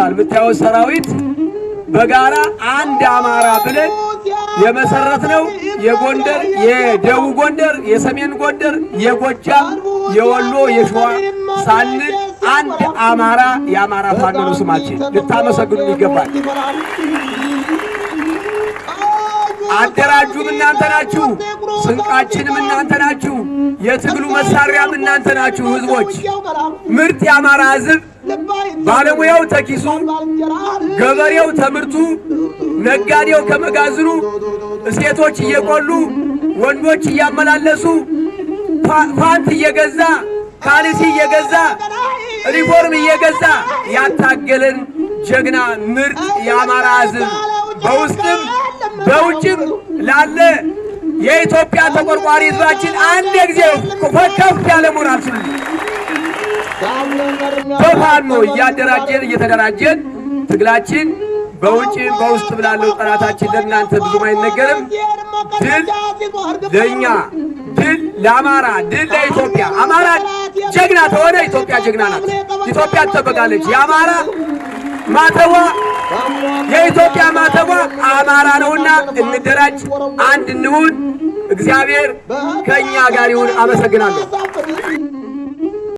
የምታየው ሰራዊት በጋራ አንድ አማራ ብለን የመሰረት ነው። የጎንደር የደቡብ ጎንደር፣ የሰሜን ጎንደር፣ የጎጃም፣ የወሎ፣ የሸዋ ሳንል አንድ አማራ የአማራ ፋኖ ነው ስማችን። ልታመሰግኑ ይገባል። አደራጁም እናንተ ናችሁ፣ ስንቃችንም እናንተ ናችሁ፣ የትግሉ መሳሪያም እናንተ ናችሁ። ህዝቦች ምርጥ የአማራ ህዝብ ባለሙያው ተኪሱ፣ ገበሬው ተምርቱ፣ ነጋዴው ከመጋዝኑ፣ ሴቶች እየቆሉ ወንዶች እያመላለሱ ፓንት እየገዛ ካልሲ እየገዛ ሪፎርም እየገዛ ያታገለን ጀግና ምርጥ የአማራ ህዝብ በውስጥም ላለ የኢትዮጵያ ተቆርቋሪ ህዝባችን አንድ ጊዜ ከፍ ያለ መሆን አልችልም። በፋኖ እያደራጀን እየተደራጀን ትግላችን በውጭ በውስጥ ብላለው ጠላታችን ለእናንተ ብዙም አይነገርም። ድል ለእኛ፣ ድል ለአማራ፣ ድል ለኢትዮጵያ። አማራ ጀግና ተሆነ ኢትዮጵያ ጀግና ናት። ኢትዮጵያ ትጠበቃለች። የአማራ ማተዋ የኢትዮጵያ ማተቧ አማራ ነውና እንደራጅ፣ አንድ እንሁን። እግዚአብሔር ከእኛ ጋር ይሁን። አመሰግናለሁ።